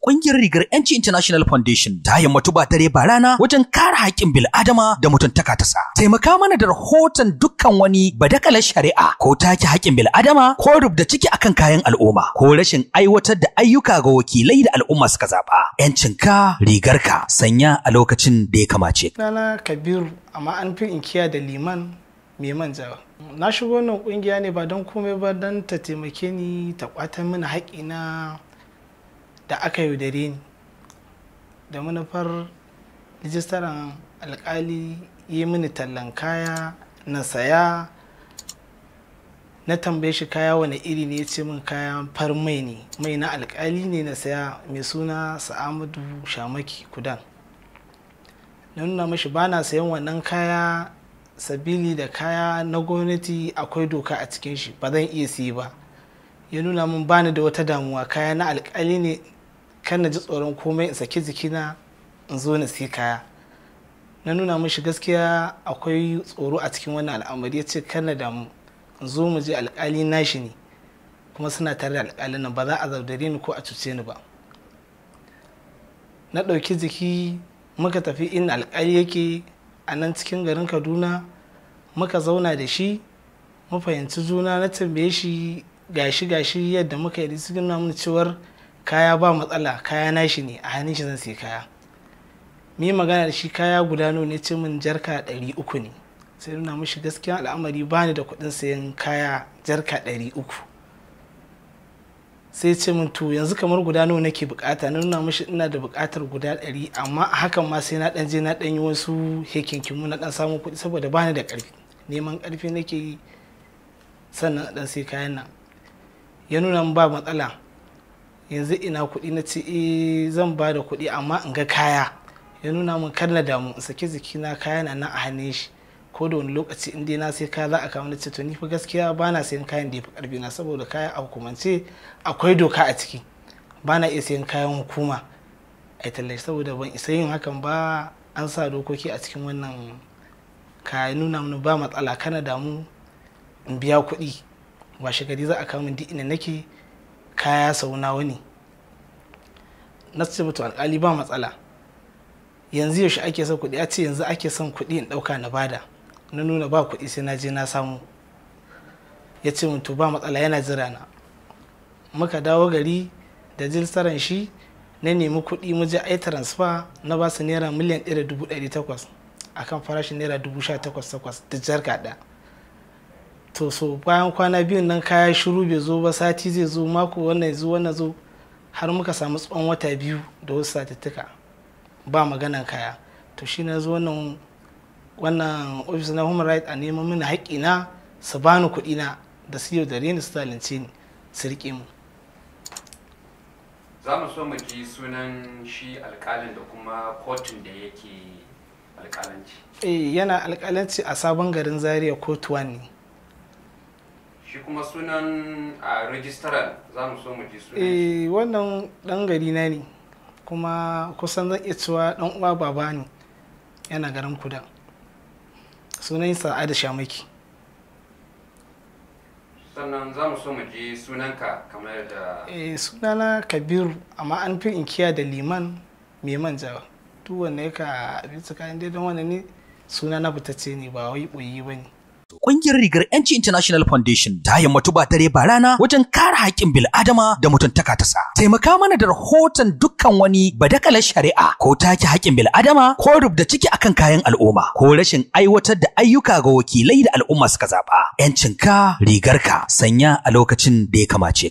Ƙungiyar rigar Yanci International Foundation ta yammatu ba dare ba rana wajen kare haƙƙin bil'adama da mutuntaka ta sa. Taimaka mana da rahoton dukkan wani badakalar shari'a ko take haƙƙin bil'adama ko rubda ciki akan kayan al'umma ko rashin aiwatar da ayyuka ga wakilai da al'umma suka zaɓa. rigar ka, sanya a lokacin da ya kamace. Nana Kabiru amma an fi inkiya da liman mai manja. Na shigo wannan kungiya ne ba don komai ba don ta taimake ni ta ƙwata mini haƙƙina da aka yaudare ni da manufar rijistaran alkali yi mini tallan kaya na saya na tambaye shi kaya wani iri ne ya ce min kayan far mai ne mai na alkali ne na saya mai suna sa'amudu shamaki kudan na nuna mashi ba na sayan wannan kaya sabili da kaya na gwamnati akwai doka a cikin shi ba zan iya siyi ba ya nuna min bani da wata damuwa kaya na alkali ne kan na ji tsoron komai in saki jikina in zo na sai kaya na nuna mishi gaskiya akwai tsoro a cikin wannan al'amari ya ce kan na damu in zo mu je alƙali nashi ne kuma suna tare da alƙalin nan ba za a zaudare ni ko a cuce ni ba na ɗauki jiki muka tafi inda alƙali yake a nan cikin garin kaduna muka zauna da shi mu fahimci juna na tambaye shi gashi gashi yadda muka yi suna mun cewar kaya ba matsala kaya nashi ne a hannun shi zan sai kaya mi magana da shi kaya guda nawa ne ce min jarka ɗari uku ne sai nuna mishi gaskiya al'amari ba ni da kuɗin sayan kaya jarka ɗari uku sai ce min to yanzu kamar guda nawa nake bukata na nuna mishi ina da bukatar guda ɗari amma a hakan ma sai na ɗan je na ɗan yi wasu hekinkimu na ɗan samu kuɗi saboda ba ni da ƙarfi neman ƙarfi nake yi sannan ɗan sai kayan nan ya nuna ba matsala yanzu ina kuɗi na ce eh, zan ba da kuɗi amma in ga kaya ya nuna min kar na damu in saki jikina kaya na nan a hannun shi ko da wani lokaci in dai na sai kaya za a kawo na ce to ni fa gaskiya ba na sayan kayan da ya fi karfi na saboda kaya a hukumance akwai doka a ciki ba na iya sayan kayan hukuma a tallafi saboda ban isa yin hakan ba an sa dokoki a cikin wannan ka nuna min ba matsala kana damu in biya kuɗi washe gari za a kawo min duk ina nake kaya sau nawa ne na ce mutu alƙali ba matsala yanzu yaushe ake son kuɗi a ce yanzu ake son kuɗi in ɗauka na bada na nuna ba kuɗi sai na je na samu ya ce mutu ba matsala yana jira na muka dawo gari da jilsaran shi na nemi kuɗi muje ai transfer na ba su naira miliyan ɗaya dubu ɗari takwas a kan farashin naira dubu sha takwas takwas da jarka ɗaya to so bayan kwana biyun nan kaya shiru bai zo ba sati zai zo mako wannan zo wannan zo har muka samu tsawon wata biyu da wasu satattuka ba maganan kaya to shi na zo wannan wannan ofis na human rights a neman mini haƙƙina su bani kuɗina da su yau da reni su zalunce ni su riƙe mu za mu so mu ji sunan shi alƙalin da kuma kotun da yake alƙalanci eh yana alƙalanci a sabon garin zaria kotuwa ne shi kuma sunan a registrar za mu so mu ji sunan eh wannan dan gari na ne kuma kusan zan iya cewa dan uwa baba ne yana garin kuda sunan ada shamaki sannan za mu so mu ji sunan ka kamar da eh sunana kabiru amma an fi inkiya da liman mai manja duk wanda ka abin tsakanin dai don wannan ne suna na fitacce ne ba wai boyi ba ne kungiyar rigar yanci international foundation da ya mutu ba tare ba rana wajen kare haƙƙin bil'adama da mutuntaka ta sa taimaka mana da rahoton dukkan wani badakalar shari'a ko take haƙƙin bil'adama ko rubda ciki akan kayan al'umma ko rashin aiwatar da ayyuka ga wakilai da al'umma suka zaɓa yancinka rigarka sanya a lokacin da ya kamace